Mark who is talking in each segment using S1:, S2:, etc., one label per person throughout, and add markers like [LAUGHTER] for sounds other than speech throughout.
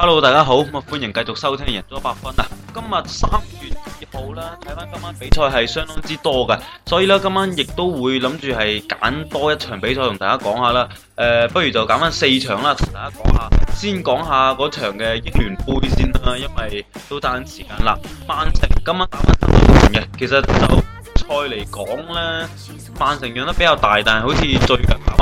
S1: Hello，大家好，咁啊歡迎繼續收聽贏足 100FUN 啊！今日三月二號啦，睇翻今晚比賽係相當之多噶，所以咧今晚亦都會諗住係揀多一場比賽同大家講下啦。誒，不如就揀翻四場啦，同大家講下。先講下嗰場嘅英聯杯先啦，因為都彈緊時間啦。曼城今晚打翻新特蘭嘅，其實就賽嚟講咧，曼城讓得比較大，但係好似最近。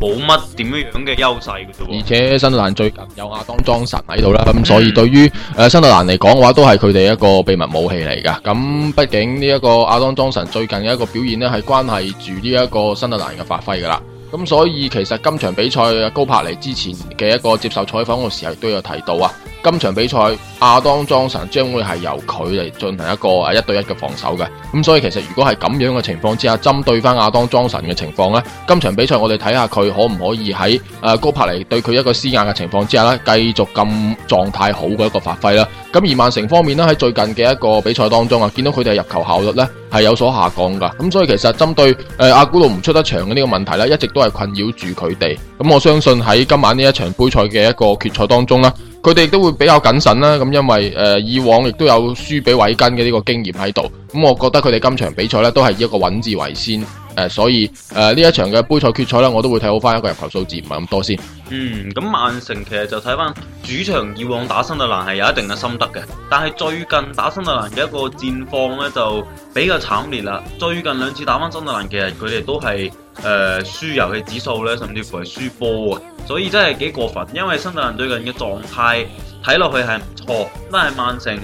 S1: 冇乜點樣樣嘅優勢嘅啫，
S2: 而且新特蘭最近有亞當莊臣喺度啦，咁所以對於誒新特蘭嚟講嘅話，都係佢哋一個秘密武器嚟噶。咁畢竟呢一個亞當莊臣最近嘅一個表現呢，係關係住呢一個新特蘭嘅發揮噶啦。咁所以其實今場比賽高柏尼之前嘅一個接受採訪嘅時候都有提到啊。今場比賽，亞當莊神將會係由佢嚟進行一個誒一對一嘅防守嘅，咁所以其實如果係咁樣嘅情況之下，針對翻亞當莊神嘅情況呢，今場比賽我哋睇下佢可唔可以喺誒高柏尼對佢一個施壓嘅情況之下呢，繼續咁狀態好嘅一個發揮啦。咁而曼城方面呢，喺最近嘅一個比賽當中啊，見到佢哋入球效率呢係有所下降噶，咁所以其實針對誒阿古路唔出得場嘅呢個問題呢，一直都係困擾住佢哋。咁我相信喺今晚呢一場杯賽嘅一個決賽當中咧。佢哋都會比較謹慎啦，咁因為誒、呃、以往亦都有輸俾韋根嘅呢個經驗喺度，咁、嗯、我覺得佢哋今場比賽咧都係以一個穩字為先，誒、呃、所以誒呢、呃、一場嘅杯賽決賽咧我都會睇好翻一個入球數字唔係咁多先。
S1: 嗯，咁曼城其實就睇翻主場以往打新特蘭係有一定嘅心得嘅，但係最近打新特蘭嘅一個戰況咧就比較慘烈啦，最近兩次打翻新特蘭其實佢哋都係。誒、呃，輸遊戲指數咧，甚至乎係輸波啊，所以真係幾過分。因為新特蘭最近嘅狀態睇落去係唔錯，但係曼城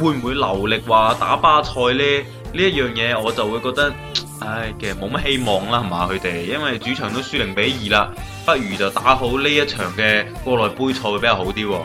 S1: 會唔會留力話打巴塞呢？呢一樣嘢我就會覺得，唉，其實冇乜希望啦，係嘛佢哋，因為主場都輸零比二啦，不如就打好呢一場嘅國內杯賽會比較好啲。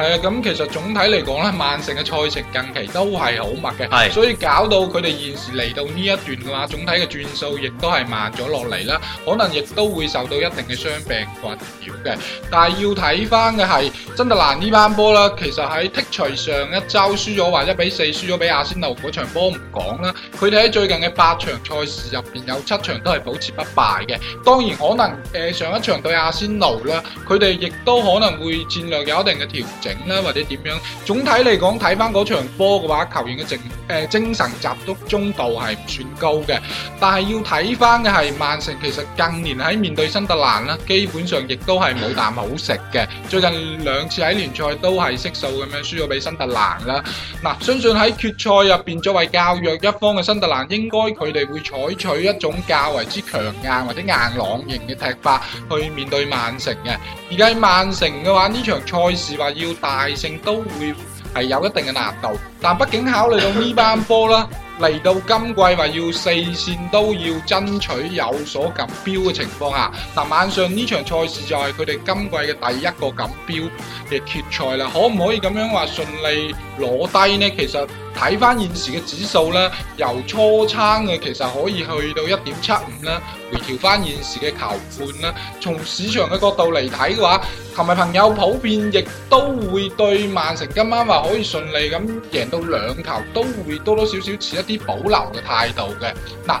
S3: 係、嗯、啊，咁其實總體嚟講咧，曼城嘅賽程近期都係好密嘅，所以搞到佢哋現時嚟到呢一段嘅話，總體嘅轉數亦都係慢咗落嚟啦，可能亦都會受到一定嘅傷病困擾嘅。但係要睇翻嘅係，新特蘭呢班波啦，其實喺剔除上一周輸咗話一比四輸咗俾阿仙奴嗰場波唔講啦，佢哋喺最近嘅八場賽事入邊有七場都係保持不敗嘅，當然可能誒、呃、上一場對阿仙奴啦，佢哋亦都可能會戰略有一定嘅調整。啦，或者點樣？總體嚟講，睇翻嗰場波嘅話，球員嘅精誒精神集中度係唔算高嘅。但係要睇翻嘅係曼城，其實近年喺面對新特蘭啦，基本上亦都係冇啖好食嘅。最近兩次喺聯賽都係悉數咁樣輸咗俾新特蘭啦。嗱，相信喺決賽入邊，作為較弱一方嘅新特蘭，應該佢哋會採取一種較為之強硬或者硬朗型嘅踢法去面對曼城嘅。而家曼城嘅話，呢場賽事話要，大成都會係有一定嘅難度，但畢竟考慮到呢班波啦。 [LAUGHS] 嚟到今季話要四線都要爭取有所錦標嘅情況下，嗱晚上呢場賽事就係佢哋今季嘅第一個錦標嘅決賽啦。可唔可以咁樣話順利攞低呢？其實睇翻現時嘅指數咧，由初餐嘅其實可以去到一點七五啦，回調翻現時嘅球盤啦。從市場嘅角度嚟睇嘅話，球迷朋友普遍亦都會對曼城今晚話可以順利咁贏到兩球都會多多少少持一啲保留嘅態度嘅嗱。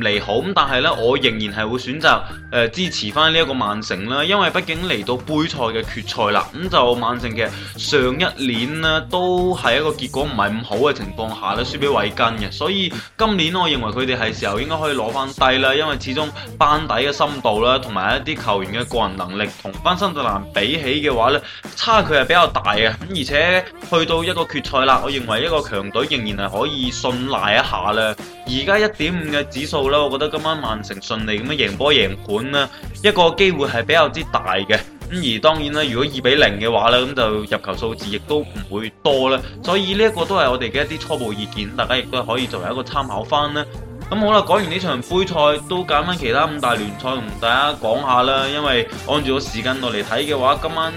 S1: 利好咁，但係咧，我仍然係會選擇誒、呃、支持翻呢一個曼城啦，因為畢竟嚟到杯賽嘅決賽啦，咁就曼城嘅上一年呢，都係一個結果唔係咁好嘅情況下咧輸俾維根嘅，所以今年我認為佢哋係時候應該可以攞翻低啦，因為始終班底嘅深度啦，同埋一啲球員嘅個人能力同翻新特蘭比起嘅話咧，差距係比較大嘅，咁而且去到一個決賽啦，我認為一個強隊仍然係可以信賴一下咧，而家一點五嘅指數。我覺得今晚曼城順利咁樣贏波贏盤啦，一個機會係比較之大嘅。咁、嗯、而當然啦，如果二比零嘅話咧，咁就入球數字亦都唔會多啦。所以呢一個都係我哋嘅一啲初步意見，大家亦都可以作為一個參考翻啦。咁好啦，講完呢場杯賽，都揀翻其他五大聯賽同大家講下啦。因為按照個時間落嚟睇嘅話，今晚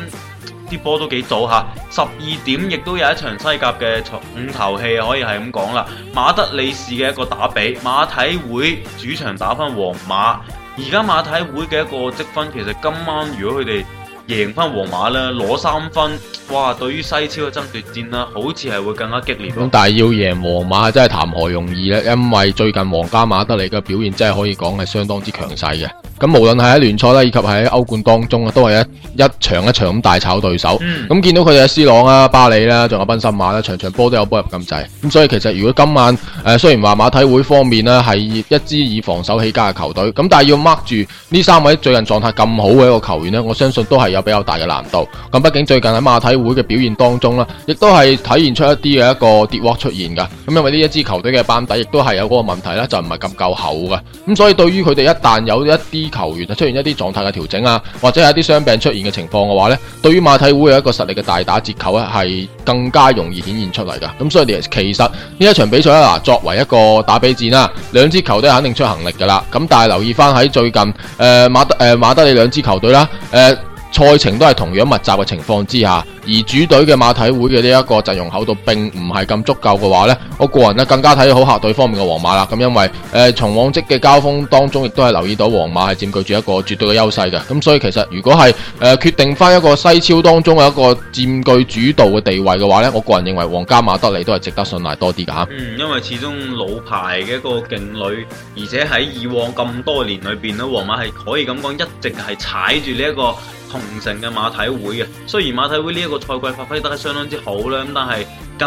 S1: 啲波都幾早嚇，十二點亦都有一場西甲嘅重頭戲可以係咁講啦，馬德里市嘅一個打比，馬體會主場打翻皇馬，而家馬體會嘅一個積分其實今晚如果佢哋贏翻皇馬啦，攞三分，哇！對於西超嘅爭奪戰啦，好似係會更加激烈。
S2: 咁但係要贏皇馬真係談何容易呢？因為最近皇家馬德里嘅表現真係可以講係相當之強勢嘅。咁無論係喺聯賽啦，以及喺歐冠當中啊，都係一一場一場咁大炒對手。咁、嗯、見到佢哋嘅斯朗啊、巴里啦，仲有賓森馬啦，場場波都有波入咁滯。咁所以其實如果今晚誒、呃，雖然話馬體會方面呢係一支以防守起家嘅球隊，咁但係要 mark 住呢三位最近狀態咁好嘅一個球員呢，我相信都係有比較大嘅難度，咁畢竟最近喺馬體會嘅表現當中咧，亦都係體現出一啲嘅一個跌窩出現噶。咁因為呢一支球隊嘅班底亦都係有嗰個問題咧，就唔係咁夠厚嘅。咁所以對於佢哋一旦有一啲球員出現一啲狀態嘅調整啊，或者係一啲傷病出現嘅情況嘅話呢，對於馬體會有一個實力嘅大打折扣咧，係更加容易顯現出嚟噶。咁所以其實呢一場比賽咧，作為一個打比戰啊，兩支球隊肯定出行力噶啦。咁但係留意翻喺最近誒、呃、馬德誒、呃、馬德里兩支球隊啦誒。呃賽程都係同樣密集嘅情況之下，而主隊嘅馬體會嘅呢一個陣容厚度並唔係咁足夠嘅話呢，我個人呢，更加睇好客隊方面嘅皇馬啦。咁因為誒、呃、從往績嘅交鋒當中，亦都係留意到皇馬係佔據住一個絕對嘅優勢嘅。咁所以其實如果係誒、呃、決定翻一個西超當中嘅一個佔據主導嘅地位嘅話呢，我個人認為皇家馬德里都係值得信賴多啲㗎吓。
S1: 嗯，因為始終老牌嘅一個勁旅，而且喺以往咁多年裏面呢，皇馬係可以咁講一直係踩住呢一個同城嘅馬體會啊，雖然馬體會呢一個賽季發揮得相當之好啦，咁但係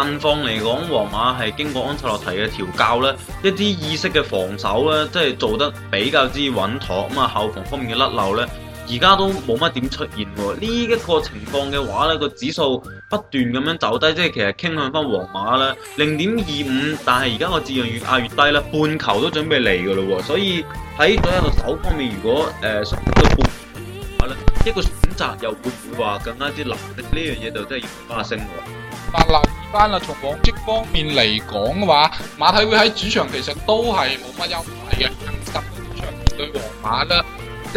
S1: 近況嚟講，皇馬係經過安塞洛提嘅調教咧，一啲意識嘅防守咧，即係做得比較之穩妥，咁啊後防方，方面嘅甩漏咧，而家都冇乜點出現喎。呢、這、一個情況嘅話咧，個指數不斷咁樣走低，即係其實傾向翻皇馬啦，零點二五，但係而家個指數越壓越低啦，半球都準備嚟㗎喇喎，所以喺左右手方面，如果誒，好、
S3: 呃一個選擇又會唔會話更加之難，呢樣嘢就真係要花心喎。但留意翻啦，從往績方面嚟講嘅話，馬體會喺主場其實都係冇乜優勢嘅，咁主場對皇馬啦。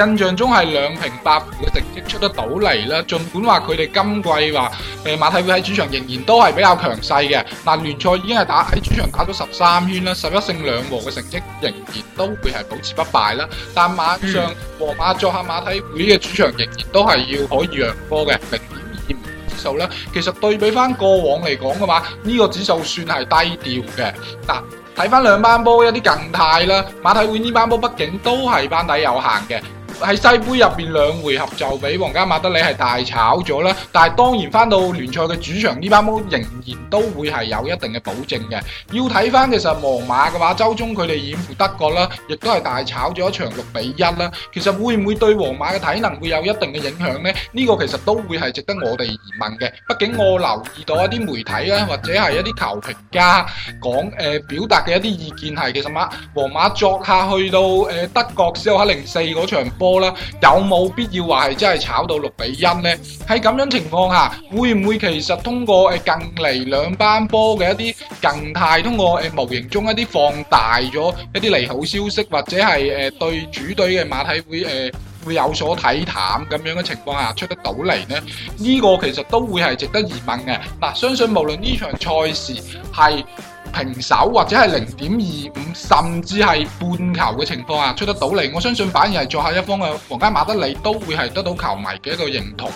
S3: 印象中係兩平八負嘅成績出得到嚟啦。儘管話佢哋今季話誒馬體會喺主場仍然都係比較強勢嘅。嗱聯賽已經係打喺主場打咗十三圈啦，十一勝兩和嘅成績仍然都會係保持不敗啦。但馬上皇馬作客馬體會嘅主場仍然都係要可以讓波嘅零點二五指數啦。其實對比翻過往嚟講嘅話，呢、這個指數算係低調嘅。嗱睇翻兩班波有啲近態啦，馬體會呢班波畢竟都係班底有限嘅。喺西杯入邊兩回合就俾皇家馬德里係大炒咗啦，但係當然翻到聯賽嘅主場呢班毛仍然都會係有一定嘅保證嘅。要睇翻其實皇馬嘅話，週中佢哋遠赴德國啦，亦都係大炒咗一場六比一啦。其實會唔會對皇馬嘅體能會有一定嘅影響咧？呢個其實都會係值得我哋疑問嘅。畢竟我留意到一啲媒體呀，或者係一啲球評家講誒，表達嘅一啲意見係，其實馬皇馬作客去到誒德國消卡零四嗰場波。波啦，有冇必要話係真係炒到六比一呢？喺咁樣情況下，會唔會其實通過誒近嚟兩班波嘅一啲近態，通過誒模型中一啲放大咗一啲利好消息，或者係誒對主隊嘅馬體會誒會有所睇淡咁樣嘅情況下出得到嚟呢？呢個其實都會係值得疑問嘅。嗱，相信無論呢場賽事係平手或者係零點二五，甚至係半球嘅情況下出得到嚟，我相信反而係在下一方嘅皇家馬德里都會係得到球迷嘅一個認同，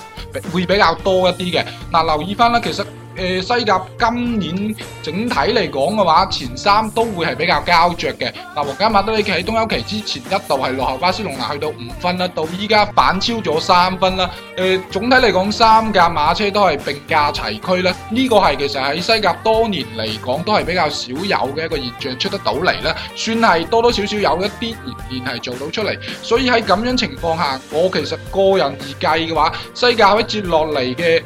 S3: 會比較多一啲嘅。嗱，留意翻啦，其實。呃、西甲今年整體嚟講嘅話，前三都會係比較膠着嘅。嗱、啊、皇家馬德里喺冬休期之前一度係落後巴塞隆拿去到五分啦，到依家反超咗三分啦。誒、呃、總體嚟講，三架馬車都係並駕齊驅啦。呢、這個係其實喺西甲多年嚟講都係比較少有嘅一個現象出得到嚟啦，算係多多少少有一啲然係做到出嚟。所以喺咁樣情況下，我其實個人而計嘅話，西甲喺接落嚟嘅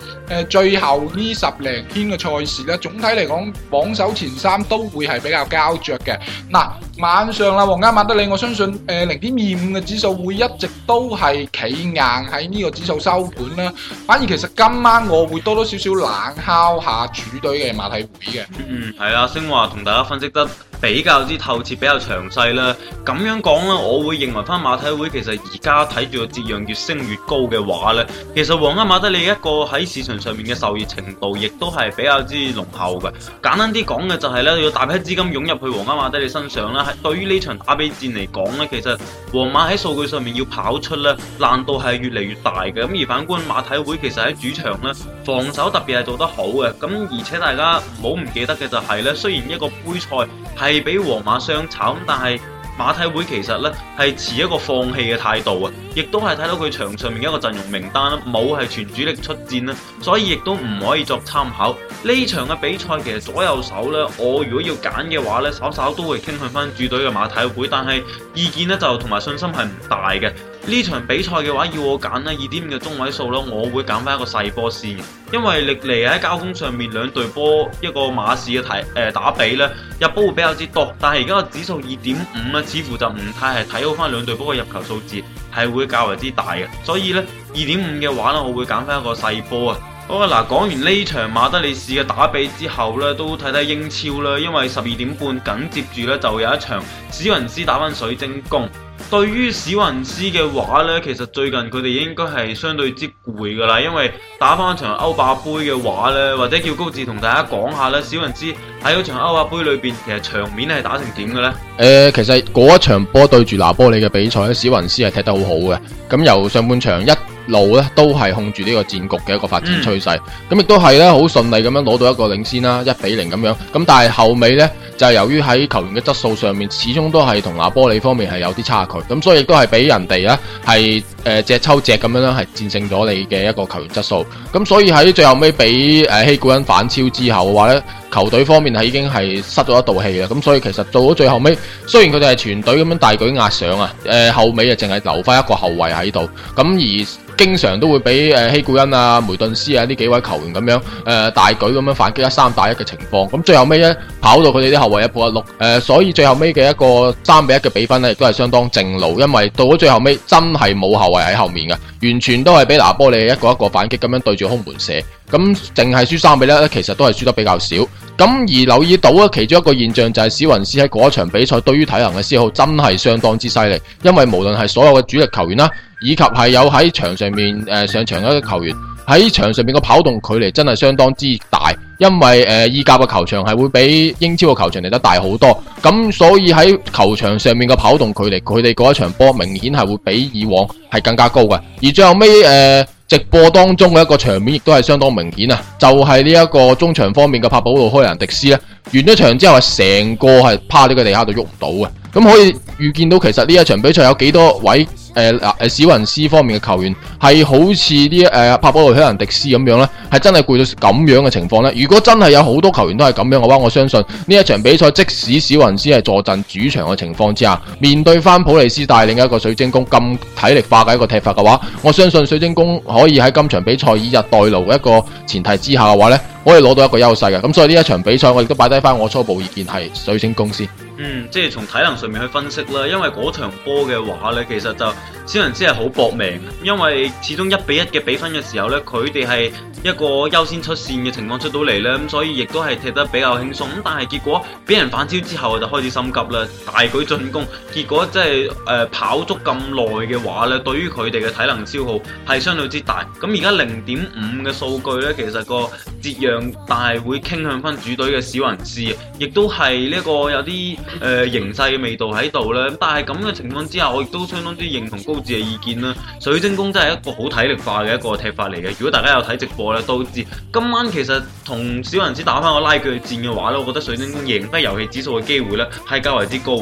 S3: 最後呢十零。明天嘅賽事啦，總體嚟講榜首前三都會係比較膠著嘅。嗱，晚上啦，皇家馬德里，我相信誒零點二五嘅指數會一直都係企硬喺呢個指數收盤啦。反而其實今晚我會多多少少冷敲下主隊嘅馬體會嘅。
S1: 嗯，係啊，昇華同大家分析得比較之透徹、比較詳細啦。咁樣講啦，我會認為翻馬體會其實而家睇住個節量越升越高嘅話呢，其實皇家馬德里一個喺市場上面嘅受熱程度亦都係比較之濃厚嘅。簡單啲講嘅就係、是、呢，要大批資金湧入去皇家馬德里身上啦。對於呢場打比戰嚟講呢，其實皇馬喺數據上面要跑出呢難度係越嚟越大嘅。咁而反觀馬體會其實喺主場呢，防守特別係做得好嘅。咁而且大家唔好唔記得嘅就係呢，雖然一個杯賽係。係俾皇馬相慘，但係馬體會其實咧係持一個放棄嘅態度啊，亦都係睇到佢場上面一個陣容名單啦，冇係全主力出戰啦，所以亦都唔可以作參考。呢場嘅比賽其實左右手咧，我如果要揀嘅話咧，稍稍都會傾向返主隊嘅馬體會，但係意見咧就同埋信心係唔大嘅。呢場比賽嘅話，要我揀呢二點五嘅中位數咯，我會揀翻一個細波先，因為歷嚟喺交鋒上面兩隊波，一個馬士嘅打誒打比咧，入波會比較之多，但係而家個指數二點五咧，似乎就唔太係睇好翻兩隊波嘅入球數字，係會較為之大嘅，所以咧二點五嘅話咧，我會揀翻一個細波啊！嗱，講完呢場馬德里士嘅打比之後咧，都睇睇英超啦，因為十二點半緊接住咧就有一場史雲斯打翻水晶宮。對於史雲斯嘅話咧，其實最近佢哋應該係相對之攰噶啦，因為打翻場歐霸杯嘅話咧，或者叫高志同大家講下啦，史雲斯喺嗰場歐霸杯裏邊，其實場面係打成點嘅咧？
S2: 誒、呃，其實嗰一場波對住拿波里嘅比賽咧，史雲斯係踢得好好嘅，咁由上半場一。路咧都係控住呢個戰局嘅一個發展趨勢，咁亦都係咧好順利咁樣攞到一個領先啦，一比零咁樣，咁但係後尾呢，就係、是、由於喺球員嘅質素上面，始終都係同阿波利方面係有啲差距，咁所以亦都係俾人哋啊係。誒、呃、隻抽隻咁樣啦，係戰勝咗你嘅一個球員質素。咁所以喺最後尾俾誒、呃、希古恩反超之後嘅話呢，球隊方面係已經係失咗一道氣啦。咁所以其實到咗最後尾，雖然佢哋係全隊咁樣大舉壓上啊，誒、呃、後尾啊淨係留翻一個後衞喺度。咁而經常都會俾誒、呃、希古恩啊、梅頓斯啊呢幾位球員咁樣誒、呃、大舉咁樣反擊一三打一嘅情況。咁最後尾呢，跑到佢哋啲後衞一步一碌誒、呃，所以最後尾嘅一個三比一嘅比分呢，亦都係相當正路，因為到咗最後尾真係冇後喺後面嘅，完全都係俾拿波利一個一個反擊咁樣對住空門射，咁淨係輸三比一，其實都係輸得比較少。咁而留意到啊，其中一個現象就係史雲斯喺嗰場比賽對於體能嘅消耗真係相當之犀利，因為無論係所有嘅主力球員啦，以及係有喺場上面誒、呃、上場嘅球員喺場上面嘅跑動距離真係相當之大。因為誒意、呃、甲嘅球場係會比英超嘅球場嚟得大好多，咁所以喺球場上面嘅跑動距離，佢哋嗰一場波明顯係會比以往係更加高嘅。而最後尾誒、呃、直播當中嘅一個場面，亦都係相當明顯啊，就係呢一個中場方面嘅帕布洛·科蘭迪斯咧，完咗場之後，係成個係趴喺個地下度喐唔到嘅。咁可以預見到，其實呢一場比賽有幾多位。誒，嗱，誒，史雲斯方面嘅球員係好似啲誒，帕布洛香蘭迪斯咁樣咧，係真係攰到咁樣嘅情況咧。如果真係有好多球員都係咁樣嘅話，我相信呢一場比賽，即使史雲斯係坐鎮主場嘅情況之下，面對翻普利斯帶領嘅一個水晶宮咁體力化嘅一個踢法嘅話，我相信水晶宮可以喺今場比賽以逸待勞嘅一個前提之下嘅話咧，可以攞到一個優勢嘅。咁所以呢一場比賽，我亦都擺低翻我初步意見係水晶宮先。
S1: 嗯，即係從體能上面去分析啦，因為嗰場波嘅話呢，其實就小雲師係好搏命，因為始終一比一嘅比分嘅時候呢，佢哋係一個優先出線嘅情況出到嚟，呢，咁所以亦都係踢得比較輕鬆，咁但係結果俾人反超之後就開始心急啦，大舉進攻，結果即係誒跑足咁耐嘅話呢，對於佢哋嘅體能消耗係相對之大，咁而家零點五嘅數據呢，其實個揭讓但係會傾向翻主隊嘅小雲師，亦都係呢個有啲。誒、呃、形勢嘅味道喺度咧，但係咁嘅情況之下，我亦都相當之認同高智嘅意見啦。水晶宮真係一個好體力化嘅一個踢法嚟嘅。如果大家有睇直播咧，都知今晚其實同小雲子打翻個拉鋸戰嘅話咧，我覺得水晶宮贏翻遊戲指數嘅機會咧係較為之高喎。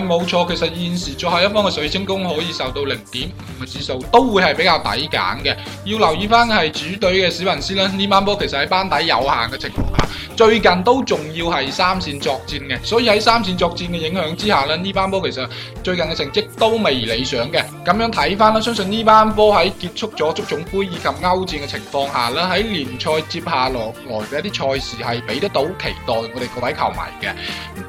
S3: 冇、嗯、錯，其實現時最後一方嘅水晶宮可以受到零點五嘅指數，都會係比較抵揀嘅。要留意翻係主隊嘅小雲子呢，呢班波其實喺班底有限嘅情況下，最近都仲要係三線作戰嘅，所以喺三線作戰嘅影響之下啦，呢班波其實最近嘅成績都未理想嘅。咁樣睇翻啦，相信呢班波喺結束咗足總盃以及歐戰嘅情況下啦，喺聯賽接下落來嘅一啲賽事係俾得到期待我哋各位球迷嘅。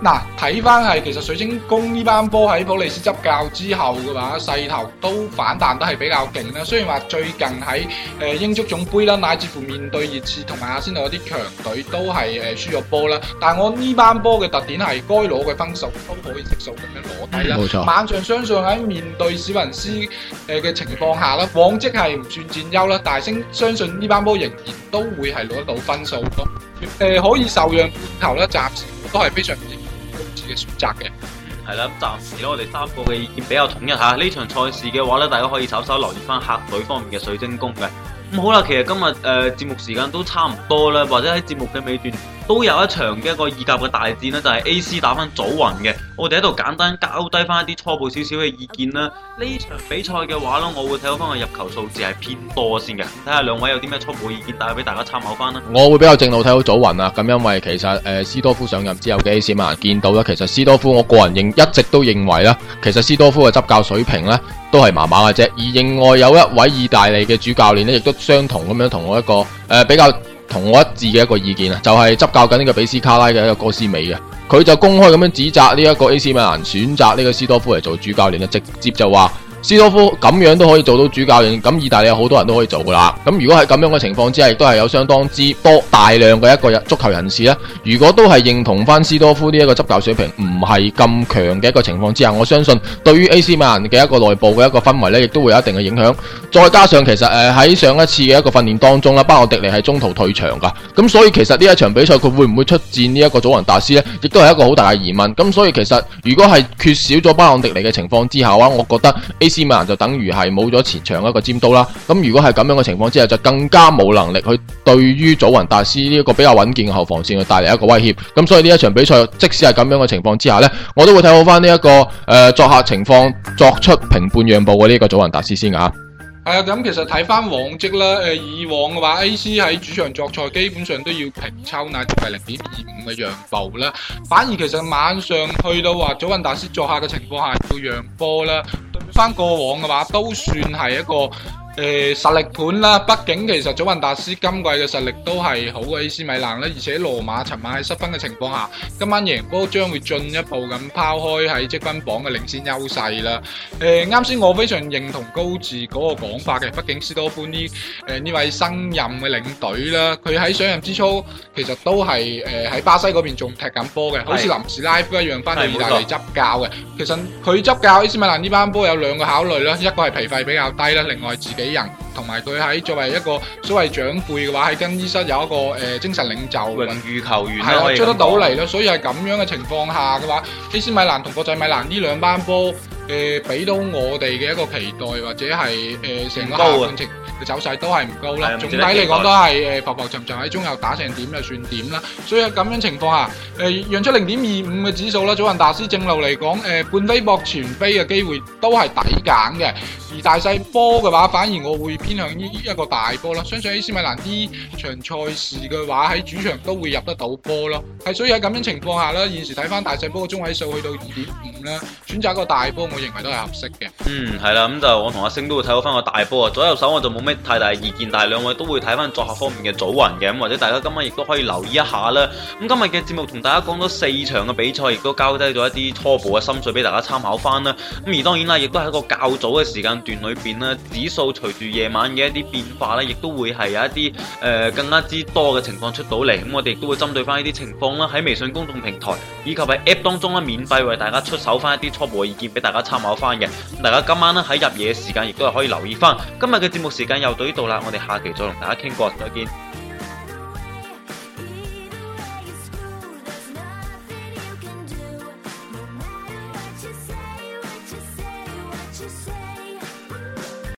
S3: 嗱、啊，睇翻係其實水晶宮呢班波喺普利斯執教之後嘅話勢頭都反彈得係比較勁啦。雖然話最近喺誒、呃、英足總盃啦，乃至乎面對熱刺同埋阿仙奴嗰啲強隊都係誒輸咗波啦，但係我呢班波嘅特點係該攞嘅。分數都可以積數咁樣攞低啦、啊。晚上相信喺面對史雲斯誒嘅情況下啦，往績係唔算佔優啦，但係相信呢班波仍然都會係攞得到分數咯。誒、嗯呃，可以受讓半球咧，暫時都係非常明智嘅選擇嘅。係啦，
S1: 暫時咧我哋三個嘅意見比較統一,一下。呢場賽事嘅話咧，大家可以稍稍留意翻客隊方面嘅水晶宮嘅。咁、嗯、好啦，其實今日誒、呃、節目時間都差唔多啦，或者喺節目嘅尾段都有一場嘅一個意甲嘅大戰呢就係、是、A.C 打返祖雲嘅。我哋喺度簡單交低翻一啲初步少少嘅意見啦。呢場比賽嘅話咧，我會睇到翻個入球數字係偏多先嘅。睇下兩位有啲咩初步意見帶俾大家參考翻啦。
S2: 我會比較正路睇到祖雲啊。咁因為其實誒斯多夫上任之後幾時嘛見到啦。其實斯多夫我個人認一直都認為啦，其實斯多夫嘅執教水平咧都係麻麻嘅啫。而另外有一位意大利嘅主教練呢，亦都相同咁樣同我一個誒比較。同我一致嘅一個意見就係、是、執教緊呢個比斯卡拉嘅一個哥斯美嘅，佢就公開咁樣指責呢一個 A.C. 米蘭選擇呢個斯多夫嚟做主教練，直接就話。斯多夫咁樣都可以做到主教練，咁意大利有好多人都可以做噶啦。咁如果係咁樣嘅情況之下，亦都係有相當之多大量嘅一個足球人士咧。如果都係認同翻斯多夫呢一個執教水平唔係咁強嘅一個情況之下，我相信對於 A.C. 曼嘅一個內部嘅一個氛圍咧，亦都會有一定嘅影響。再加上其實喺、呃、上一次嘅一個訓練當中啦，巴昂迪尼係中途退場噶，咁所以其實呢一場比賽佢會唔會出戰呢一個祖雲達斯呢？亦都係一個好大嘅疑問。咁所以其實如果係缺少咗巴昂迪尼嘅情況之下，我覺得。斯文就等於係冇咗前場一個尖刀啦，咁如果係咁樣嘅情況之下，就更加冇能力去對於祖雲達斯呢一個比較穩健嘅後防線去帶嚟一個威脅。咁所以呢一場比賽，即使係咁樣嘅情況之下呢，我都會睇好翻呢一個誒、呃、作客情況作出平半讓步嘅呢一個祖雲達斯先啊。
S3: 係、嗯、啊，咁其實睇翻往績啦，誒，以往嘅話，AC 喺主場作賽基本上都要平抽，乃至係零點二五嘅讓步啦。反而其實晚上去到話，祖雲達斯作客嘅情況下要讓波啦，翻過往嘅話都算係一個。誒，實力盤啦，畢竟其實祖雲達斯今季嘅實力都係好過 AC 米蘭啦，而且羅馬尋晚喺失分嘅情況下，今晚贏波將會進一步咁拋開喺積分榜嘅領先優勢啦。誒，啱先我非常認同高志嗰個講法嘅，畢竟斯多夫呢誒呢位新任嘅領隊啦，佢喺上任之初其實都係誒喺巴西嗰邊仲踢緊波嘅，好似臨時拉夫一樣翻嚟意大利執教嘅。其實佢執教 AC 米蘭呢班波有兩個考慮啦，一個係皮費比較低啦，另外自己。同埋佢喺作為一個所謂長輩嘅話，喺更衣室有一個誒、呃、精神領袖，榮譽
S1: 球員啦，係啊，出得到嚟咯。
S3: 所以係咁樣嘅情況下嘅話，A.C. 米蘭同國際米蘭呢兩班波。誒、呃、俾到我哋嘅一個期待，或者係成、呃、個下半程嘅走勢都係唔高啦。高總體嚟講都係誒、呃、浮浮沉沉喺中右打成點就算點啦。所以喺咁樣情況下，誒、呃、讓出零點二五嘅指數啦，祖雲達斯正路嚟講，誒、呃、半飛博全飛嘅機會都係抵揀嘅。而大細波嘅話，反而我會偏向於一個大波啦。相信 AC 米蘭呢場賽事嘅話，喺主場都會入得到波咯。係所以喺咁樣情況下啦，現時睇翻大細波嘅中位數去到二點五啦，選擇一個大波。我認
S1: 為都係合適嘅。嗯，係啦，咁就我同阿星都會睇到翻個大波啊。左右手我就冇咩太大意見，但係兩位都會睇翻作客方面嘅組運嘅。咁或者大家今晚亦都可以留意一下啦。咁、嗯、今日嘅節目同大家講咗四場嘅比賽，亦都交低咗一啲初步嘅心水俾大家參考翻啦。咁、嗯、而當然啦，亦都係一個較早嘅時間段裏邊啦，指數隨住夜晚嘅一啲變化啦，亦都會係有一啲誒、呃、更加之多嘅情況出到嚟。咁、嗯、我哋亦都會針對翻呢啲情況啦，喺微信公眾平台以及喺 App 當中啦，免費為大家出手翻一啲初步嘅意見俾大家。參考翻嘅，大家今晚咧喺入夜嘅時間，亦都係可以留意翻今日嘅節目，時間又到呢度啦，我哋下期再同大家傾過，再見。